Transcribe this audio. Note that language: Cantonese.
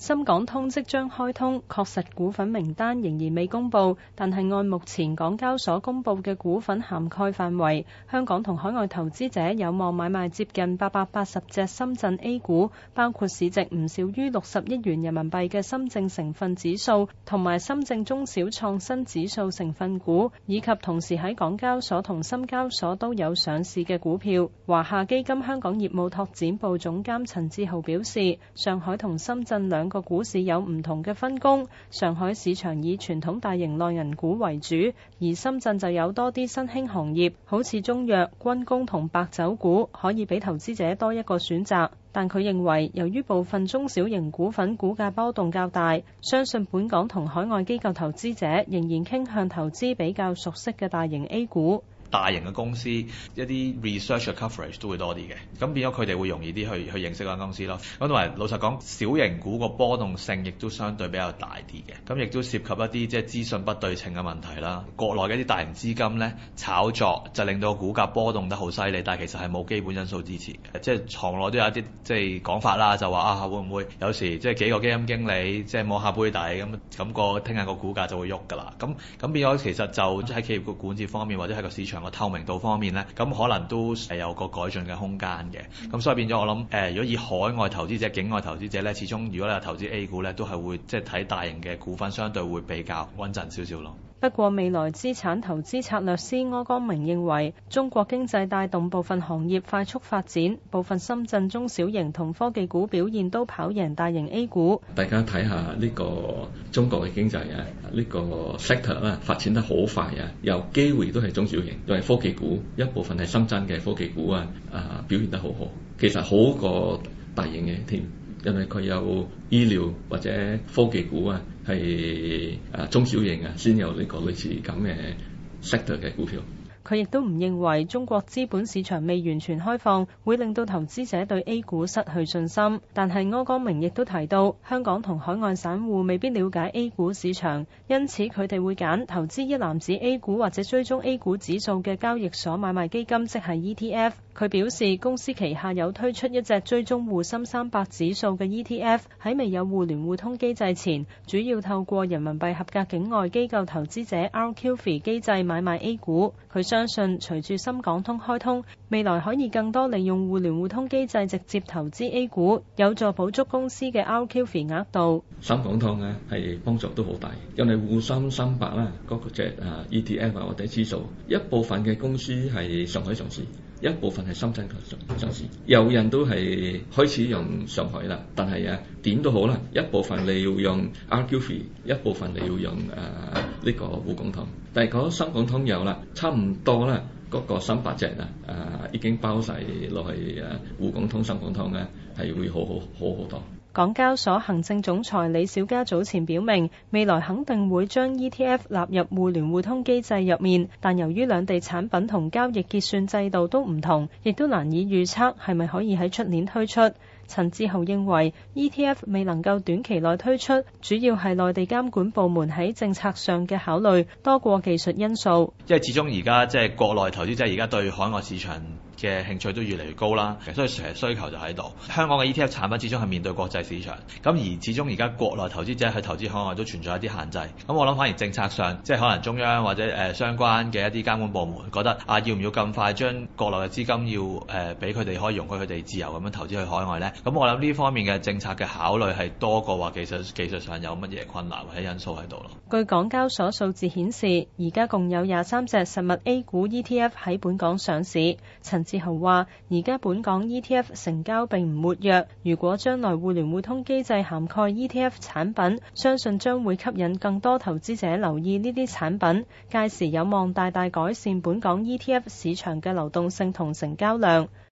深港通即將開通，確實股份名單仍然未公布，但係按目前港交所公布嘅股份涵蓋範圍，香港同海外投資者有望買賣接近八百八十隻深圳 A 股，包括市值唔少於六十億元人民幣嘅深證成分指數，同埋深證中小創新指數成分股，以及同時喺港交所同深交所都有上市嘅股票。華夏基金香港業務拓展部總監陳志豪表示，上海同深圳兩個股市有唔同嘅分工，上海市場以傳統大型內銀股為主，而深圳就有多啲新興行業，好似中藥、軍工同白酒股，可以俾投資者多一個選擇。但佢認為，由於部分中小型股份股價波動較大，相信本港同海外機構投資者仍然傾向投資比較熟悉嘅大型 A 股。大型嘅公司一啲 research 嘅 coverage 都會多啲嘅，咁變咗佢哋會容易啲去去認識間公司咯。咁同埋老實講，小型股個波動性亦都相對比較大啲嘅，咁亦都涉及一啲即係資訊不對稱嘅問題啦。國內一啲大型資金咧炒作就令到個股價波動得好犀利，但係其實係冇基本因素支持嘅，即係藏內都有一啲即係講法啦，就話啊會唔會有時即係幾個基金經理即係摸下杯底咁咁個聽日個股價就會喐㗎啦。咁咁變咗其實就喺企業個管治方面或者係個市場。透明度方面咧，咁可能都係有個改進嘅空間嘅，咁所以變咗我諗誒、呃，如果以海外投資者、境外投資者咧，始終如果你咧投資 A 股咧，都係會即係睇大型嘅股份，相對會比較穩陣少少咯。不過，未來資產投資策略師柯江明認為，中國經濟帶動部分行業快速發展，部分深圳中小型同科技股表現都跑贏大型 A 股。大家睇下呢個中國嘅經濟啊，呢個 sector 啦，發展得好快啊，有機會都係中小型，都係科技股，一部分係深圳嘅科技股啊，啊表現得好好，其實好過大型嘅添。因為佢有醫療或者科技股啊，係啊中小型啊，先有呢個類似咁嘅 sector 嘅股票。佢亦都唔認為中國資本市場未完全開放，會令到投資者對 A 股失去信心。但係柯光明亦都提到，香港同海外散戶未必了解 A 股市場，因此佢哋會揀投資一籃子 A 股或者追蹤 A 股指數嘅交易所買賣基金，即係 ETF。佢表示，公司旗下有推出一隻追蹤滬深三百指數嘅 ETF，喺未有互聯互通機制前，主要透過人民幣合格境外機構投資者 RQFI 機制買賣 A 股。佢相信，隨住深港通開通，未來可以更多利用互聯互通機制直接投資 A 股，有助補足公司嘅 RQFI 額度。深港通呢，係幫助都好大，因為滬深三百啦個隻啊 ETF 或者指數，一部分嘅公司係上海上市。一部分係深圳上市，有人都係開始用上海啦。但係啊，點都好啦，一部分你要用 RQFII，一部分你要用誒呢、呃呢個滬港通。但係講深港通有啦，差唔多啦，嗰、嗰個三百隻啊，誒、呃、已經包曬落去誒滬港通、深港通嘅，係會好好，好好好多。港交所行政總裁李小加早前表明，未來肯定會將 ETF 納入互聯互通機制入面，但由於兩地產品同交易結算制度都唔同，亦都難以預測係咪可以喺出年推出。陳志豪認為，ETF 未能夠短期內推出，主要係內地監管部門喺政策上嘅考慮多過技術因素。因為始終而家即係國內投資者而家對海外市場嘅興趣都越嚟越高啦，所以成日需求就喺度。香港嘅 ETF 產品始終係面對國際市場，咁而始終而家國內投資者去投資海外都存在一啲限制。咁我諗反而政策上，即係可能中央或者誒相關嘅一啲監管部門覺得啊，要唔要咁快將國內嘅資金要誒俾佢哋可以容許佢哋自由咁樣投資去海外咧？咁我諗呢方面嘅政策嘅考慮係多過話技術技術上有乜嘢困難或者因素喺度咯。據港交所數字顯示，而家共有廿三隻實物 A 股 ETF 喺本港上市。陳志豪話：而家本港 ETF 成交並唔活躍，如果將來互聯互通機制涵蓋 ETF 產品，相信將會吸引更多投資者留意呢啲產品，屆時有望大大改善本港 ETF 市場嘅流動性同成交量。